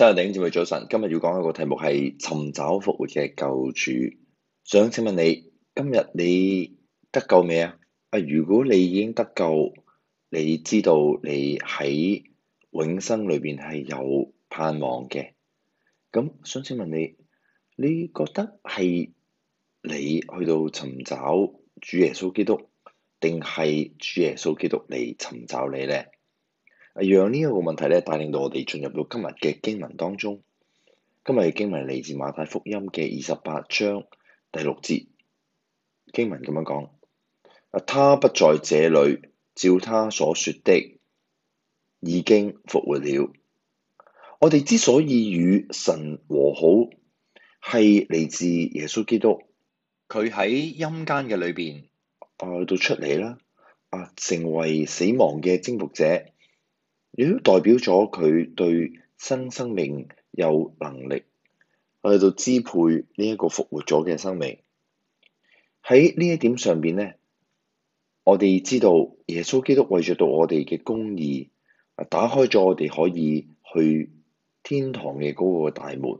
大家頂住，早晨。今日要講一個題目係尋找復活嘅救主。想請問你，今日你得救未啊？啊，如果你已經得救，你知道你喺永生裏邊係有盼望嘅。咁想請問你，你覺得係你去到尋找主耶穌基督，定係主耶穌基督嚟尋找你咧？啊！讓呢一個問題咧，帶領到我哋進入到今日嘅經文當中。今日嘅經文嚟自馬太福音嘅二十八章第六節，經文咁樣講：啊，他不在這裡，照他所說的，已經復活了。我哋之所以與神和好，係嚟自耶穌基督。佢喺陰間嘅裏邊啊，到出嚟啦！啊，成為死亡嘅征服者。亦都代表咗佢對新生，生命有能力，喺度支配呢一個復活咗嘅生命。喺呢一點上邊，呢我哋知道耶穌基督為咗到我哋嘅公義，打開咗我哋可以去天堂嘅嗰個大門。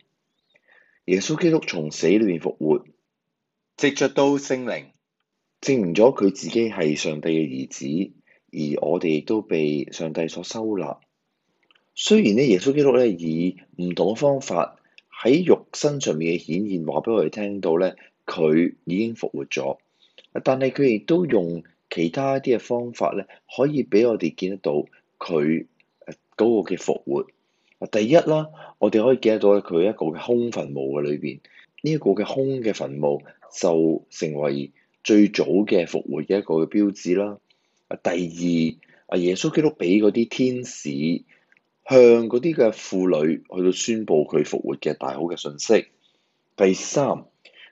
耶穌基督從死裏面復活，藉着到聖靈，證明咗佢自己係上帝嘅兒子。而我哋亦都被上帝所收納。雖然咧，耶穌基督咧以唔同嘅方法喺肉身上面嘅顯現，話俾我哋聽到咧，佢已經復活咗。但係佢亦都用其他一啲嘅方法咧，可以俾我哋見得到佢嗰個嘅復活。第一啦，我哋可以見得到佢一個嘅空墳墓嘅裏邊，呢一個嘅空嘅墳墓就成為最早嘅復活嘅一個嘅標誌啦。第二啊，耶穌基督俾嗰啲天使向嗰啲嘅婦女去到宣佈佢復活嘅大好嘅信息。第三，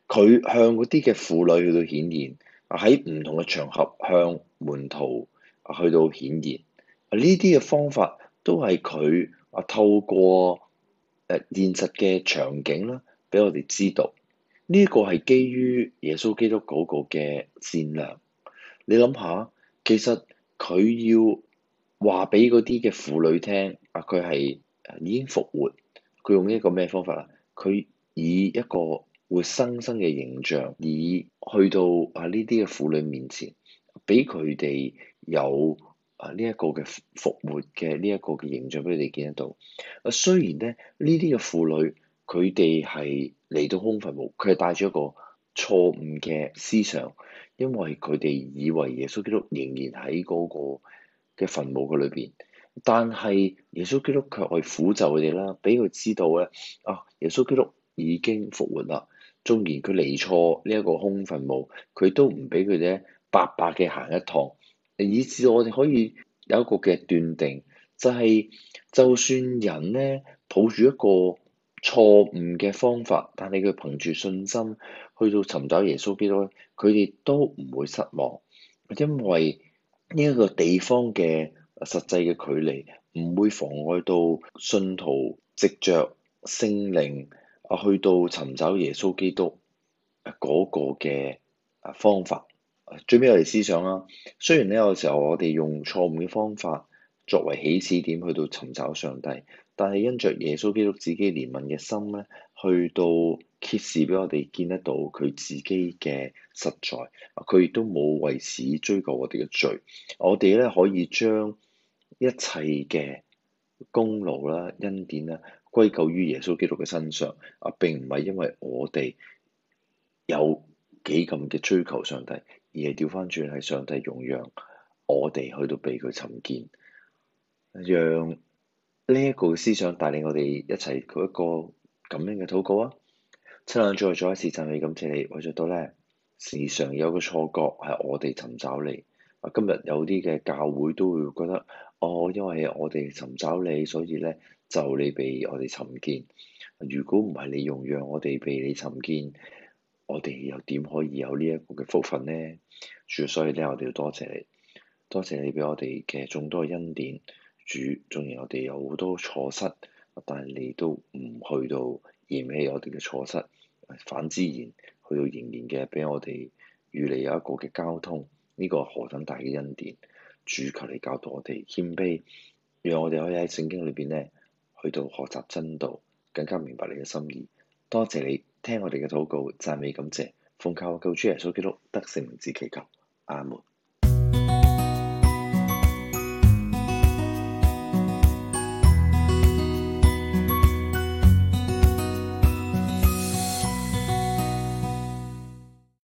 佢向嗰啲嘅婦女去到顯現啊，喺唔同嘅場合向門徒啊去到顯現啊，呢啲嘅方法都係佢啊透過誒現實嘅場景啦，俾我哋知道呢個係基於耶穌基督嗰個嘅善良。你諗下？其實佢要話俾嗰啲嘅婦女聽，啊佢係已經復活，佢用呢一個咩方法啦？佢以一個活生生嘅形象，以去到啊呢啲嘅婦女面前，俾佢哋有啊呢一個嘅復活嘅呢一個嘅形象俾你哋見得到。啊雖然咧，呢啲嘅婦女佢哋係嚟到空墳墓，佢係帶咗一個錯誤嘅思想。因為佢哋以為耶穌基督仍然喺嗰個嘅墳墓嘅裏邊，但係耶穌基督卻去苦咒佢哋啦，俾佢知道咧，啊，耶穌基督已經復活啦。縱然佢嚟錯呢一個空墳墓，佢都唔俾佢哋白白嘅行一趟，以至我哋可以有一個嘅斷定，就係、是、就算人咧抱住一個錯誤嘅方法，但係佢憑住信心去到尋找耶穌基督咧，佢哋都唔會失望，因為呢一個地方嘅實際嘅距離唔會妨礙到信徒藉著聖靈啊去到尋找耶穌基督嗰、那個嘅方法。最尾我哋思想啦，雖然咧有時候我哋用錯誤嘅方法。作為起始點去到尋找上帝，但係因着耶穌基督自己憐憫嘅心咧，去到揭示俾我哋見得到佢自己嘅實在。佢亦都冇為此追究我哋嘅罪，我哋咧可以將一切嘅功勞啦、恩典啦歸咎於耶穌基督嘅身上。啊，並唔係因為我哋有幾咁嘅追求上帝，而係調翻轉係上帝容讓我哋去到被佢尋見。讓呢一個思想帶領我哋一齊做一個感恩嘅禱告啊！七兩再再一次讚美，感謝你，我覺得咧，時常有個錯覺係我哋尋找你。啊，今日有啲嘅教會都會覺得，哦，因為係我哋尋找你，所以咧就你被我哋尋見。如果唔係你容讓我哋被你尋見，我哋又點可以有呢一個嘅福分呢？」所以咧，我哋要多謝謝你，多謝你俾我哋嘅眾多恩典。主，仲然我哋有好多錯失，但係你都唔去到嫌棄我哋嘅錯失，反之然去到仍然嘅俾我哋與你有一個嘅交通，呢、這個何等大嘅恩典！主，求你教導我哋謙卑，讓我哋可以喺聖經裏邊咧去到學習真道，更加明白你嘅心意。多謝你聽我哋嘅禱告，讚美感謝，奉靠救主耶穌基督得勝名字祈求，阿門。